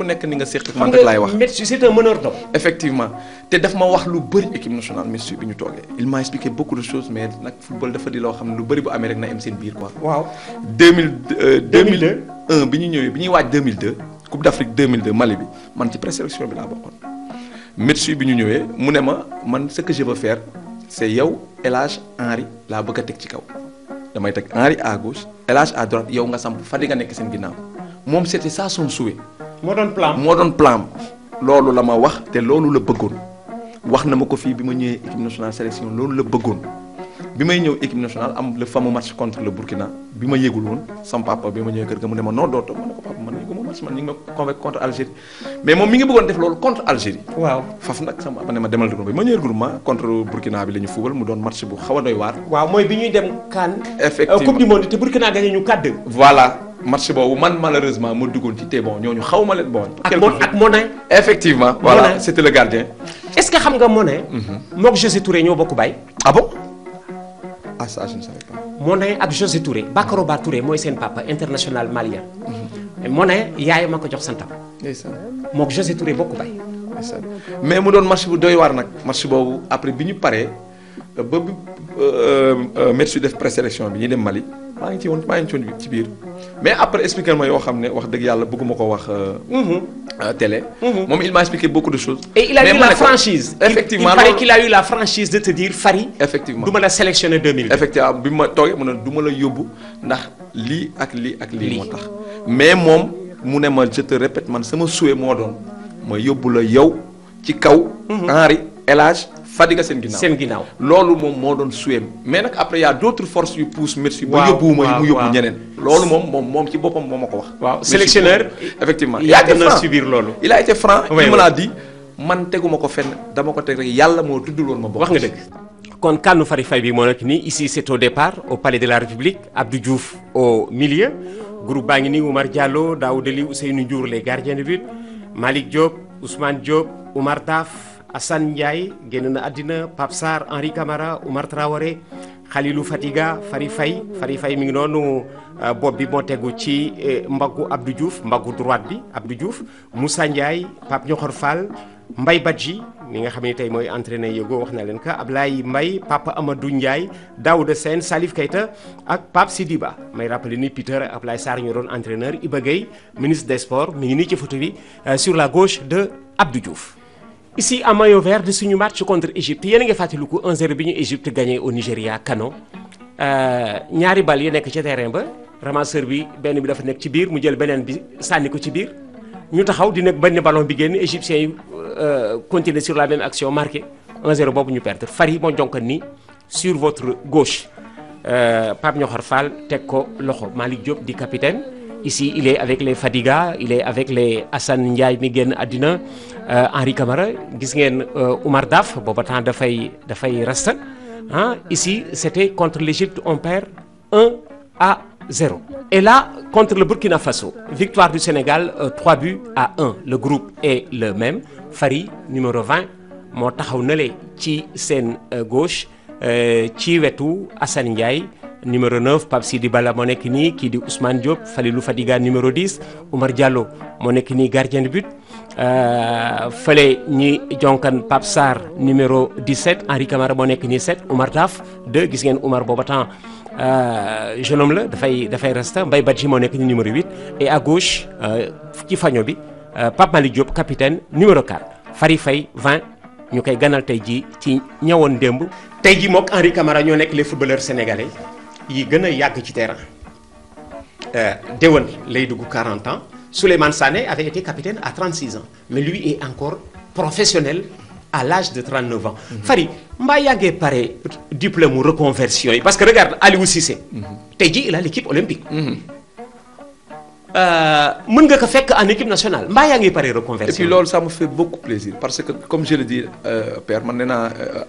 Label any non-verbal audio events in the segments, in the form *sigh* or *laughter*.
ku nekk ni nga séq ak man rek laay wax Metsu c'est un meneur d'homme effectivement te daf ma wax lu bëri équipe nationale Metsu bi ñu toogee il m'a expliqué beaucoup de choses mais nag football dafa di loo xam ne lu bëri bu amee rek na am seen biir quoi waaw euh, bi ñu ñëwee bi ñuy waaj 2002 Coupe d'Afrique 2002 Mali bi man ci présélection bi laa bokkoon Metsu bi ñu ñëwee mu ne ma man ce que je veux faire c'est yow El Hadj Henry laa bëgg a teg ci kaw damay teg Henry à gauche El Hadj à droite yow nga samp fa di nga nekk seen ginnaaw moom c'était ça son souhait moo doon plan moo doon plan loolu la ma wax te loolu la bëggoon wax na ma ko fii bi ma ñëwee équipe nationale sélection loolu la bëggoon bi may ñëw équipe nationale am le fameux match contre le Burkina bi ma yëgul woon sama papa bi ma ñëwee kër ga mu ne ma non doo toog ne ko papa man ma convaincre contre Algérie mais moom mi ngi bëggoon loolu contre Algérie waaw faf nag sama papa ne ma demal dugub bi ma contre Burkina bi la ñu mu doon match bu xaw a doy waar. waaw mooy bi ñuy dem CAN. coupe du monde te Burkina gagné ñu 4 match boobu man malheureusement mu duggoon ci te bon ñooñu xaw ma leen bon. ak Mon ak Monet. effectivement voilà c'était le gardien. est-ce que xam nga Monet. Mhm. moog José Touré ñoo bokk baay. ah bon ah ça je ne savais pas. Monet ak José Touré Bakaro Ba Touré mooy seen papa international malien. Mhm. Monet yaayam a ko jox santam. ndeysaan moog José Touré bokk baay. mais mu doon marché bu dooy waar nag match boobu après bi ñu paree ba bi euh, euh, euh, Metsu def présélection bi ñu dem Mali. maa ngi ci woon maa ngi ci woon ci biir mais après expliquer ma yoo xam ne wax dëgg yàlla bëgguma ko wax. Euh, mm-hmm. euh, télé. Mm-hmm. moom il m'a expliqué beaucoup de choses. et il a la franchise. effectivement il paraît qu'il a eu la franchise de te dire Fary. effectivement du ma la sélectionné 2000. effectivement bi ma toogee mu ne du la yóbbu ndax lii ak lii ak lii moo tax. mais moom mu ne ma je te man sama souhait moo doon ma yóbbu la yow ci kaw. Mm-hmm. Henri El Fadiga seen ginnaaw seen ginnaaw loolu moom moo doon suweem mais nag après y' a d' autres forces yu pousse merci ba yóbbuwuma mu yóbbu ñeneen loolu moom moom moom ci boppam moo ma ko wax waaw sélectionneur effectivement yàgg na subir loolu il a été man teguma ko fenn dama ko teg rek yàlla moo tuddul woon ma bokk wax nga dëgg kon kànnu Fary Faye bi moo nekk nii ici c' est au départ au palais de la République Abdou Diouf au milieu groupe baa ngi nii Oumar Diallo Daouda Ly Ousseynou Ndiour les gardiens de but Malick Diop Ousmane Assane Ndiaye génn na àddina Pape Sarr Henri Camara Oumar Traoré Khalilou Fadiga Fari fay Fari fay mi ngi noonu euh, bopp bi moo tegu ci euh, mbaggu Abdou Diouf mbaggu droite bi Abdou Diouf Moussa Ndiaye Pape Ñoxor Fall Mbaye Badji mi nga xam ne tey mooy entraîneur yëgo wax na leen ka Ablaye Mbaye Papa Amadou Ndiaye Daouda seen Salif kayta ak Pape Sidiba may rappelé ni Peter ak Ablaye Sarr ñu doon entraîneur Iba Gueye ministre des sports mi ngi nii ci photo bi euh, sur la gauche de Abdou Diouf ici à maillot vert de suñu match contre Égypte yéen a ngi fàttaliku 1-0 bi ñu Égypte gagné au Nigéria Kano euh, ñaari bal yi nekk ci terrain ba ramasseur bi benn bi dafa nekk ci biir mu jël beneen bi sànni ko ci biir ñu taxaw di nekk benn ballon bi génn égyptiens yi euh, continuer sur la même action marqué 1-0 boobu ñu perdre Fari moo jonkan ni sur votre gauche euh, Pape Ñoxor Fall teg ko loxo Malick Diop di capitaine. Ici, il est avec les Fadiga, il est avec les Assane Ndiaye mi génn àddina euh, Henri Camara gis ngeen euh, Oumar Daf booba temps dafay dafay rasta ah ici c'était contre l'Égypte on perd 1 à 0 et là contre le Burkina Faso victoire du Sénégal euh, buts à 1 le groupe est le même Fari numéro 20 moo taxaw na le ci seen euh, gauche ci wetu Assane Ndiaye numéro 9 Pape Sidi bala moo nekk nii kii di Ousmane Diop lu Fadiga numéro 10 Oumar Diallo moo nekk nii gardien de but euh, fële ñi jonkan Pape Sarr numéro 17 Henri Camara moo nekk nii 7 Oumar Daf 2 gis ngeen Oumar booba temps euh, jeune homme la dafay dafay mbay Mbaye Badji moo nekk nii numéro 8 et à gauche euh, ci faño bi Pape Malick Diop capitaine numéro 4 fari fay 20 ñu koy ganal tey ji ci ñëwoon démb tey ji mook Henri Camara ñoo nekk les footballeurs sénégalais yi gën a yàgg ci terrain euh, Dewan lay dugg 40 ans Souleymane Sané avait été capitaine à 36 ans mais lui est encore professionnel à l'âge de 39 ans. Mhm. Fary mbaa yaa ngi pare diplôme mu reconversion yi parce que regarde Aliou Cissé. Mhm. tey jii il a l'équipe olympique. Mhm. Euh, mën nga ko fekk en équipe nationale mbaa yaa pare reconversion. et puis loolu ça fait beaucoup plaisir parce que comme je le dis euh, père naa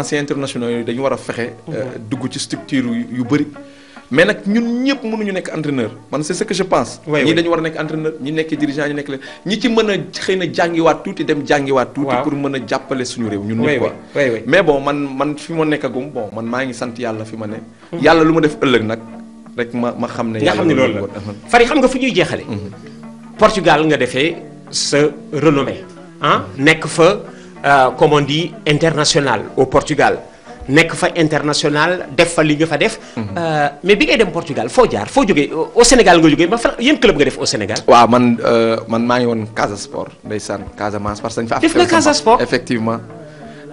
anciens internationaux dañu war a fexe. dugg mais nag ñun ñëpp mënuñu nekk entraîneur man c'est ce que je pense. ñii dañu war a nekk entraîneur ñi nekk dirigeant ñi nekk la ñi ci mën a xëy na jàngiwaat tuuti dem jàngiwaat. tuuti pour mën a jàppale suñu réew. ñun ñëpp quoi mais bon man man fi ma nekk agum bon man maa ngi sant yàlla fi ma ne. yàlla lu ma def ëllëg nag rek ma ma xam ne. yàlla loolu la uh-huh. Fary xam nga fu ñuy jeexale uh-huh. Portugal nga defee sa renommée ah nekk fa euh, comme on dit international au Portugal. nekk fa international def fa li nga fa def. Mhm. Euh, mais bi ngay dem Portugal foo jaar foo jóge au Sénégal nga jógee ba fan yéen club nga def au Sénégal. waaw man euh, man maa ngi woon Casa Sport ndeysaan Casamance parce que fa. def nga Casa Sport effectivement.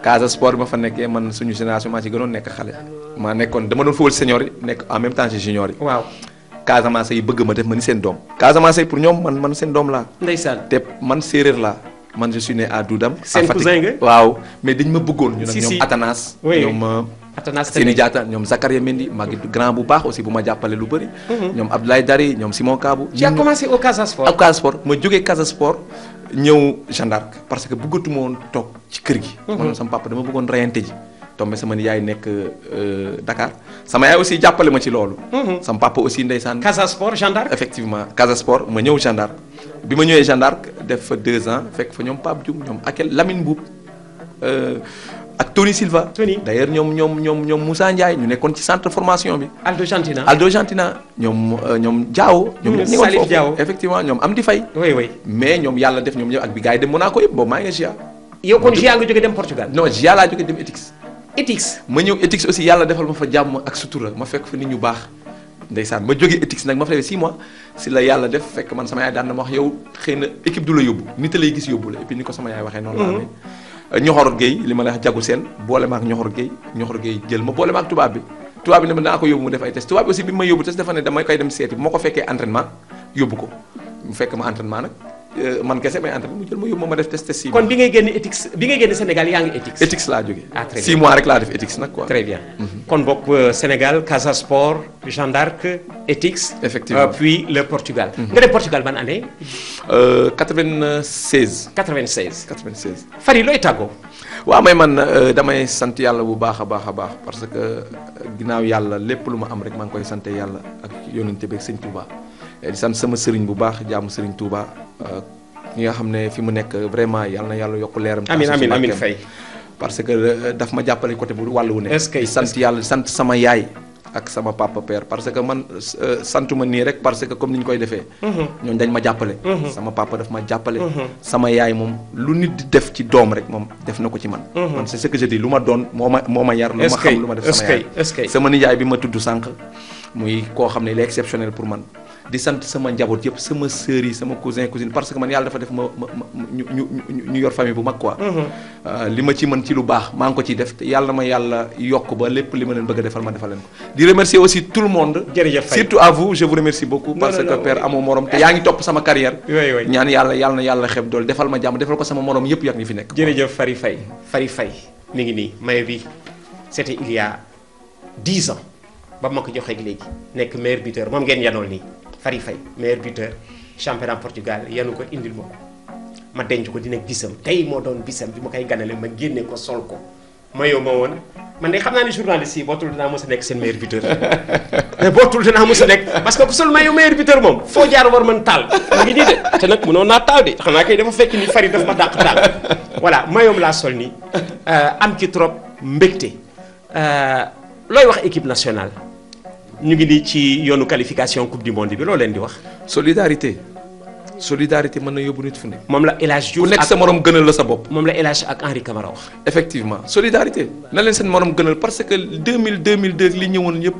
Casa Sport bi ma fa nekkee man suñu génération maa ci gënoon nekk xale. maa nekkoon dama doon fóol senior yi nekk en même temps ci junior yi. waaw Casamance yi bëgg ma def ma ni seen doom. Casamance yi pour ñoom man seen doom laa. ndeysaan te man séeréer laa. man je suis né à Doudam. seen waaw mais dañ ma bëggoon. ñu nag ñoom Atanas. ñoom euh, Atanas Seni Diatta ñoom Zakaria Mendy maa ngi mhm. grand bu baax aussi bu ma jàppale lu bëri. Mhm. ñoom Abdoulaye Dari ñoom Simon Kabou. tu as commencé au Casa Sport. au Casa ma jógee Casa Sport ñëw Jeanne parce que bëggatuma woon toog ci kër gi. Mhm. man sama papa dama bëggoon reyante ji. tombé sama yaay nekk euh, Dakar sama yaay aussi jàppale ma ci loolu. sama papa aussi ndeysaan. Casa Sport Jeanne d'Arc effectivement Casa Sport ma ñëw Jeanne d'Arc bi ma ñëwee Jeanne d'Arc def fa deux ans fekk fa ñoom Pape Diouf ñoom Akel Lamine Boub euh, ak Tony Silva. Tony d' ailleurs ñoom ñoom ñoom ñoom Moussa Ndiaye ñu nekkoon ci centre formation bi. Aldo Gentina Aldo Gentina ñoom euh, ñoom Diawo. ñoom ñëpp ñu ngi woon foofu effectivement ñoom am di fay. mais ñoom yàlla def ñoom ñëpp ak bi gars yi dem Monaco yëpp boobu maa ngi GIA. yow kon GIA nga jógee dem Portugal. non GIA laa jógee dem ETICS. ETICS ma ñëw ETICS aussi yàlla defal ma fa jàmm ak sutura ma fekk fa nit ñu baax ndeysaan ma jógee éthique nag ma fa defee 6 mois si la yàlla def fekk man sama yaay daan na ma wax yow xëy na équipe du la yóbbu nit lay gis yóbbu la et ni ko sama yaay waxee noonu la mhm. amee ñoxor Gueye li ma la wax jagu seen boole maak ñoxor Gueye ñoxor Gueye jël ma boole ak tubaab bi tubaab bi ne ma naa ko yóbbu mu def ay test tubaab bi aussi bi ma yóbbu test dafa ne damay koy dem seeti bu ma ko fekkee entraînement yóbbu ko mu fekk ma entraînement Euh, man kese may entraîné mu jël ma yóbbu ma def test test six kon bi ngay génn éthique bi ngay génn Sénégal yaa ngi éthique. éthique laa jógee. ah très bien six mois rek laa def éthique nag quoi. très bien mhm. kon bokk euh, Sénégal Casa Sport Jeanne d'Arc éthique. effectivement euh, puis le Portugal. Mhm. nga dem Portugal ban année. 96. 96 96. Fary looy tàggoo. waaw may man damay sant yàlla bu baax a baax a baax parce que ginnaaw yàlla lépp lu ma am rek maa ngi koy sante yàlla ak yónnante beeg sëñ Touba di sant sama sëriñ bu baax jaamu sëriñ Touba. ki nga xam ne fi mu nekk vraiment yal na yàlla yokk leeram. amiin amiin amiin fay parce que euh, daf ma jàppale côté bu wàll wu ne. est sama yaay. ak sama papa père parce que man euh, santuma nii rek parce que comme ni ñu koy defee. Mhm. ñooñu dañ ma jàppale. Mhm. sama papa daf ma jàppale. Mhm. sama yaay moom lu nit di def ci doom rek moom def na ko ci man. man c'est ce que je dis lu ma doon moo ma moo ma yar. lu ma xam lu ma def sama yaay bi ma tudd sànq. muy koo xam ne il exceptionnel pour man. di sant sama njaboot yëpp sama sœurs yi sama cousin cousine parce que man yàlla dafa def ma ma ñu yor famille bu mag quoi. Mm-hmm. Euh, li ma ci mën ci lu baax maa ngi ko ciy def te yàlla ma yàlla yokk ba lépp li ma leen bëgg a defal ma defal leen ko. di remercier aussi tout le monde. jërëjëf Faye surtout à vous je vous remercie beaucoup. parce que père amoo morom te yaa ngi topp sama carrière. ñaan yàlla yàlla na yàlla xeb dool defal ma jàmm defal ko sama morom yëpp yàgg ñu fi nekk. jërëjëf mi ngi nii maye bi c'était il y a dix ans ba ma ko joxee léegi nek meilleur buteur moom ngeen yanool nii Fary Faye meilleur buteur championnat Portugal yenu ko indil ma ma denc ko dina bisam tey moo doon bisam bi ma koy ganale ma génne ko sol ma yow ma man de xam naa ne journaliste yi bootul dinaa mos nekk seen meilleur buteur *laughs* mais bootul dinaa mos parce que ku sol maillot meilleur buteur moom foo jaar war ma ngi nii de te nag mënoon naa taal de xanaa kay dafa voilà maillot laa sol nii euh, am ci trop mbégte euh, looy wax équipe nationale. ñu ngi di ci yoonu qualification coupe du monde bi loo leen di wax. solidarité solidarité mën na yóbbu nit fu ne. moom la El Hadj Diouf ku nekk sa morom gënal la sa bopp. moom la El Hadj ak Henri Camara wax. effectivement solidarité na leen seen morom gënal parce que 2000 2002 li ñëwoon yëpp.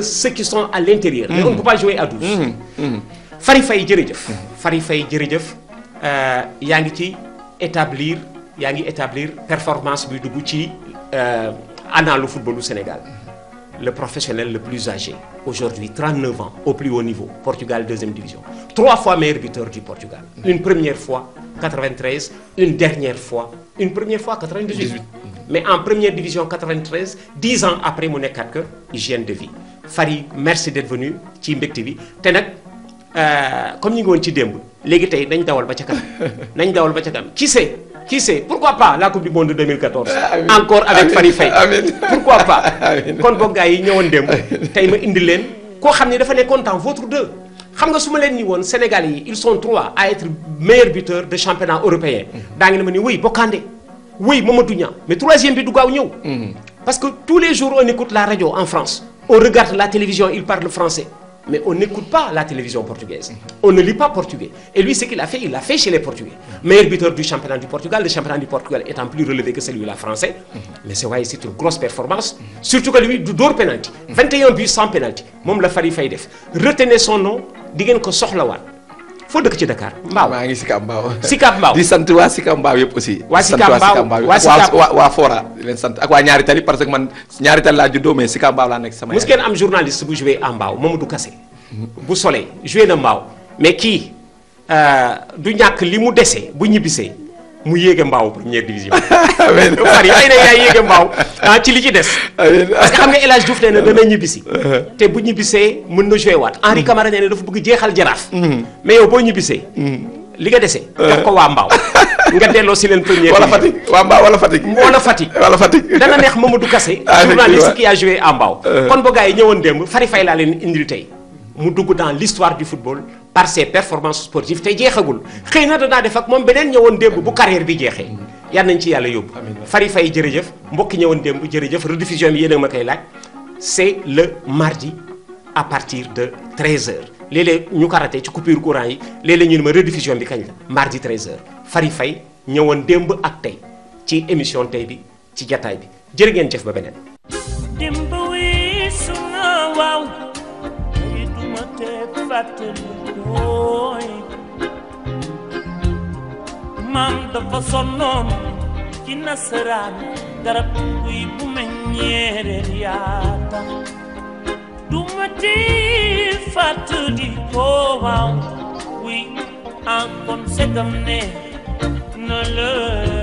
que qui sont à l'intérieur. mais on ne peut jouer à douze. Mmh, mmh, mmh. Fari Faye jërëjëf. Fari Faye jërëjëf euh, yaa ngi ci établir yaa ngi établir performance bi dugg ci euh, analu footballu Sénégal. le professionnel le plus âgé aujourd'hui 39 ans au plus haut niveau Portugal deuxième division trois fois meilleur buteur du Portugal une première fois 93 une dernière fois une première fois 98 mais en première division 93 10 ans après mu nekkaat que hygiène de vie Fary merci d'être venu ci mbégte bi te nag euh, comme ñu ngi woon ci démb léegi tey nañ dawal ba ca kanam *laughs* nañ dawal ba ca kanam qui sait qui sait pourquoi pas la coupe du monde *laughs* encore avec Fary Faye pourquoi pas. *laughs* kon boog yi ñëwoon démb tey ma indi leen koo xam ne dafa nekkoon dans votre deux. xam nga su ma leen ni woon Sénégal yi il sont trois à être meilleurs buteurs de championnat européen. Mm-hmm. daa ngi ne ma ni oui Bokandé oui ma Niang mais troisième bi du gaaw ñëw. Mm-hmm. parce que tous les jours on écoute la radio en France. on regarde la télévision, il parle français. Mais on n'écoute pas la télévision portugaise. Mhm. On ne lit pas portugais. Et lui, ce qu'il a fait, il l'a fait chez les Portugais. Mhm. Meilleur buteur du championnat du Portugal, le championnat du Portugal étant plus relevé que celui-là français. Mhm. Mais c'est vrai, une grosse performance. Surtout que lui, door penalty. 21 sans penalty. Mom la Fari Faydef. Retenez son nom, diguen ko soxlawaat. foo dëkk ci Dakar Mbao maa ngi Sicap Mbao Sicap Mbao di sant waa Sicap Mbao yëpp aussi waa Sicap Mbao waa Sicap waa waa Fora di leen sant ak waa ñaari tali parce que man ñaari tali laa juddoo mais Sicap Mbao laa nekk sama mos ngeen am journaliste bu joué à Mbao Mamadou Kassé bu Soleil joué na Mbao mais kii euh, du ñàkk li mu dese bu ñibbisee mu yéege mbaaw première division. amiin far yaay ne yaay yéege mbaaw ah ci li ci des. parce que xam nga El Hadj Diouf na *laughs* dana ñibbisi. Uh-huh. te bu ñibbisee mën na joué waat. Henri mm-hmm. Camara nee na dafa bëgg jeexal jaraaf. Mm-hmm. mais yow boo ñibbisee. Mm-hmm. li nga dese. Uh-huh. jox ko waa mbaaw *laughs* nga delloo si leen première. wala Fatick waa mbaaw wala Fatick. wala Fatick wala Fatick. dana neex Mamadou Kassé. *laughs* journaliste qui a joué à mbaaw. Uh-huh. kon ba gars yi ñëwoon démb fari fay laa leen indil tey mu dugg dans l'histoire du football. parce que performances sportives te jeexagul xëy na danaa def ak moom beneen ñëwoon démb bu carrière bi jeexee yal nañ ci yàlla yóbbu fari fay jërëjëf mbokki ñëwoon démb jërëjëf rediffusion bi a ma koy laaj c'est le mardi à partir de 13h léeg ñu ko ci coupure courant yi léeg-léeg ma rediffusion bi kañ la mardi 13h fari fay ñëwoon démb ak tey ci émission tey bi ci jataay bi jërë ngeen jëf ba beneen te fàttali mooy maam dafa sonnoon ci nasaraan garab guy bu meññeereen yaata duma ti fàttali ko waaw oui en kon segam ne na la